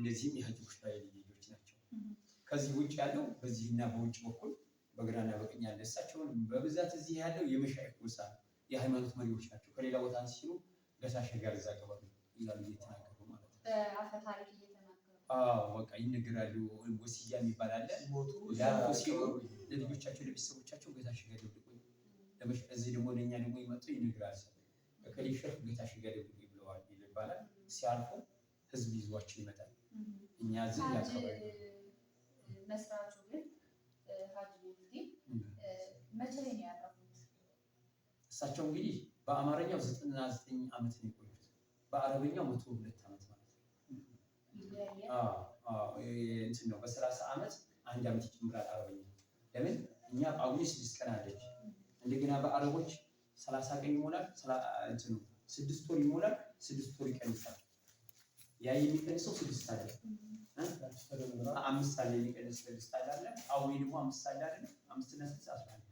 እነዚህም የሀዲስ ሱራ ልጆች ናቸው። ከዚህ ውጭ ያለው በዚህና በውጭ በኩል በግራና በቀኝ ያለ እሳቸውን በብዛት እዚህ ያለው የመሻይክ ጎሳ የሃይማኖት መሪዎች ናቸው። ከሌላ ቦታ ሲሉ ገሳሽ ጋር እዛ ገባሉ ይላሉ እየተናገሩ ማለት ነው። በቃ ይነገራሉ። ወሲያ የሚባል አለ። ያሉ ሲሉ ለልጆቻቸው ለቤተሰቦቻቸው ገሳሽ ጋር ደብቁ፣ እዚህ ደግሞ ለእኛ ደግሞ ይመጡ ይነግራል። ከሌ ሸፍ ገሳሽ ጋር ደብቁ ብለዋል ይባላል ሲያልፉ ህዝብ ይዟቸው ይመጣል። እኛ እዚህ ያካባቢ መስራቹ ግን እሳቸው እንግዲህ በአማርኛው ዘጠና ዘጠኝ ዓመት ነው የቆዩት፣ በአረበኛው መቶ ሁለት ዓመት ማለት ነው ነው በሰላሳ ዓመት አንድ ዓመት ይጨምራል አረበኛ። ለምን እኛ ጳጉሜ ስድስት ቀን አለች፣ እንደገና በአረቦች ሰላሳ ቀን ይሞላል፣ ስድስት ወር ይሞላል፣ ስድስት ወር ይቀንሳል። ያ የሚቀንሰው ስድስት አለ አምስት አለ የሚቀንስ ስድስት አለ አዊ ደግሞ አምስት አለ አምስት እና ስድስት አስራ አንድ